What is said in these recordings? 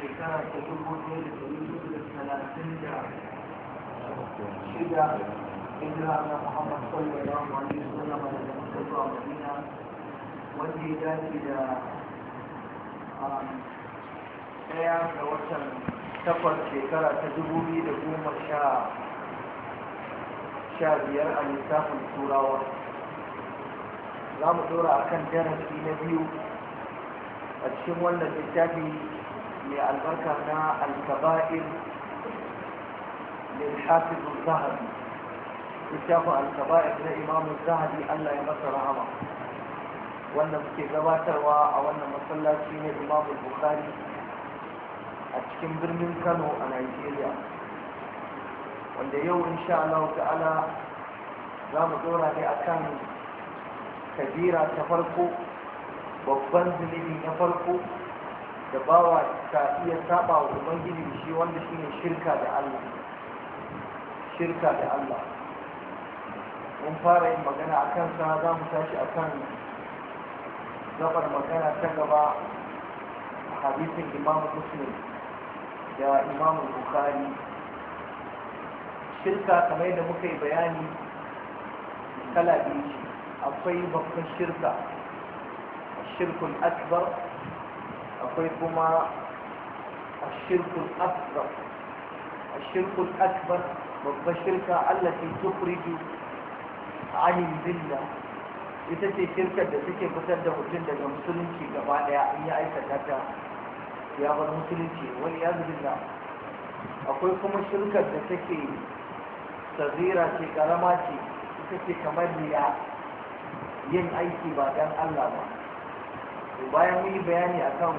shekara ta dubu ɗaya da da talatin da shida daga wanda ya da um, ga watan takwas shekara ta dubu biyu da goma sha sha biyar a lissafin turawa za mu a kan darasi na biyu a cikin wannan littafi mai albarka na alkaba'ir lil hafiz zahabi littafin alkaba'ir na imamu zahabi Allah ya masa rahama wanda muke gabatarwa a wannan masallaci na imamu bukhari a cikin birnin kano a nigeria wanda yau insha Allah ta'ala za mu dora ne akan kabira ta farko babban zunubi na farko da bawa ka iya saba wa ubangiji shi wanda shi ne shirka da Allah shirka da Allah mun fara yin magana a kansa za mu tashi a kan gabar magana ta gaba a hadisin imam muslim da imam bukhari shirka kamar yadda muka yi bayani kala biyu akwai babban shirka shirkul akbar akwai kuma ashirkul akbar ashirkul babbar shirka Allah ke a ainihin zilla ita ce shirkar da take fitar da mutum daga musulunci gaba daya in ya aikata ta ya bar musulunci wani ya zilla akwai kuma shirkar da take sazira ce karama ce ita ce kamar riya yin aiki ba dan Allah ba bayan mun yi bayani kan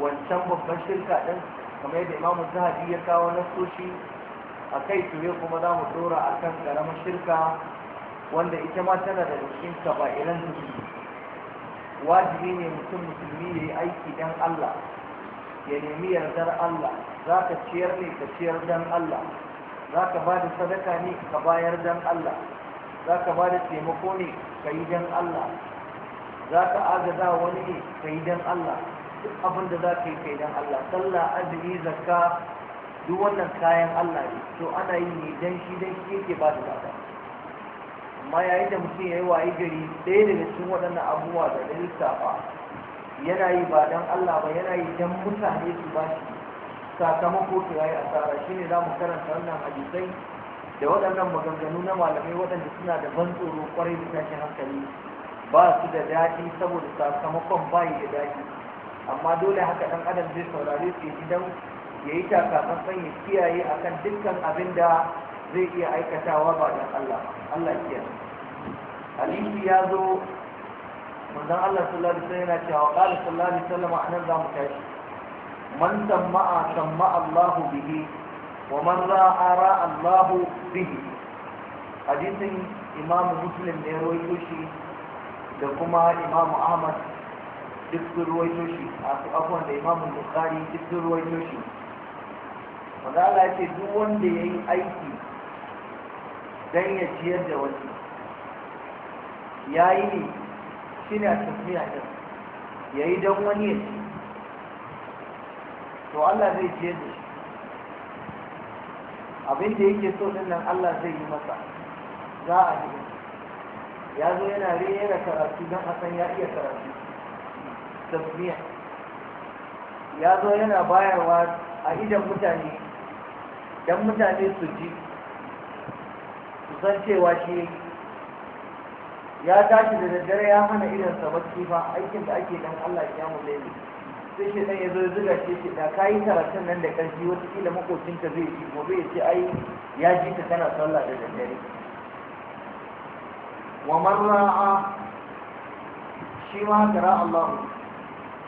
wancan babban shirka ɗin kamar yadda imamu zahabi ya kawo na nasoshi a kai ture kuma za mu dora a kan ƙaramin shirka wanda ita ma tana da cikin kaba'iran zunubi wajibi ne mutum musulmi ya yi aiki don allah ya nemi yardar allah za ka ciyar ne ka ciyar don allah za ka ba da sadaka ne ka bayar don allah za ka ba da taimako ne ka yi don allah za ka agaza wani ne ka Allah duk abin za ka yi kaidan Allah sallah azumi zakka duk wannan kayan Allah ne to ana yi ne don shi don shi yake ba da lada amma yayin da mutum ya yi wayi gari ɗaya daga cikin waɗannan abubuwa da na lissafa yana yi ba don Allah ba yana yi don mutane su ba shi sakamako su yayi asara shine za mu karanta wannan hadisai da waɗannan maganganu na malamai waɗanda suna da ban tsoro kwarai da tashin hankali ba su da daɗi saboda sakamakon bayi da daɗi amma dole haka ɗan adam zai saurari su gidan ya yi takamakon ya kiyaye a kan dukkan abin da zai iya aikatawa ba da Allah Allah kiyaye hadisi ya zo manzon Allah sallallahu alaihi yana cewa qala sallallahu alaihi wasallam nan za mu tashi man sama'a sama'a Allahu bihi wa man ra'a Allahu bihi hadisin imamu muslim ne rawaito shi da kuma imamu ahmad duk sun ruwaito shi abuwan da imamu bukari duk sun ruwaito shi ala ce duk wanda ya yi aiki don ya ciyar da wani ya yi ne shi ne a tafiya ɗin ya yi don wani ya ci to Allah zai ciyar da shi abin da yake so ɗin nan Allah zai yi masa za a yi ya zo yana rera karatu don a san ya iya karatu tasmiya ya zo yana bayarwa a idan mutane don mutane su ji su san cewa shi ya tashi da daddare ya hana irinsa bacci ba aikin da ake don Allah ya mu laili sai shi ɗan ya zo zuga shi shi da kayi karatun nan da ƙarfi wata ƙila makocinka zai ji gobe ya ce ai ya ji ka kana sallah da daddare wa man shi ma kira Allah